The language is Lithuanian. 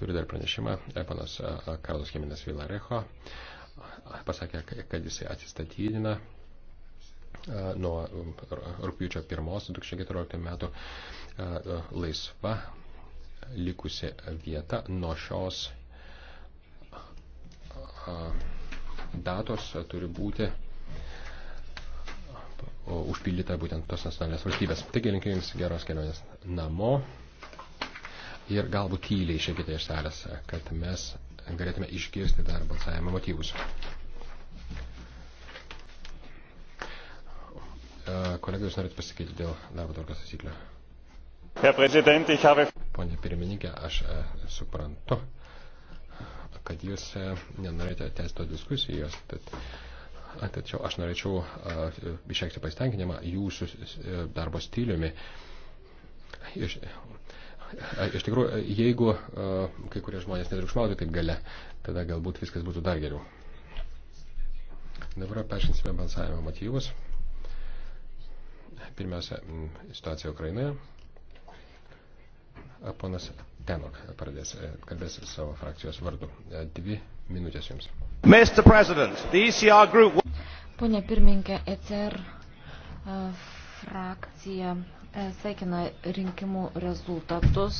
Turiu dar pranešimą. E, Panas e, Karlos Keminas Vilarecho pasakė, kad jisai atsistatydina e, nuo rūpjūčio 1-2014 metų laisva likusi vieta nuo šios datos turi būti užpildyta būtent tos nacionalinės valstybės. Taigi linkiu Jums geros kelionės namo ir galbūt tyliai išėkite iš salės, kad mes galėtume išgirsti dar balsavimo motyvus. Kolega, jūs norite pasakyti dėl darbo tvarkos taisyklių? Pone pirmininkė, aš e, suprantu, kad jūs e, nenorėjote tęsti to diskusijos, tad, tačiau aš norėčiau išreikšti pasitenkinimą jūsų e, darbo stiliumi. Iš, Iš tikrųjų, jeigu kai kurie žmonės netriukšmautų tai taip gale, tada galbūt viskas būtų dar geriau. Dabar peršinsime balsavimo motyvus. Pirmiausia, situacija Ukrainoje. Ponas Tenok pradės, e, kalbės savo frakcijos vardu. E, dvi minutės jums. Mr. President, the ECR group... Pone pirmininkė, ECR e, frakcija sveikina rinkimų rezultatus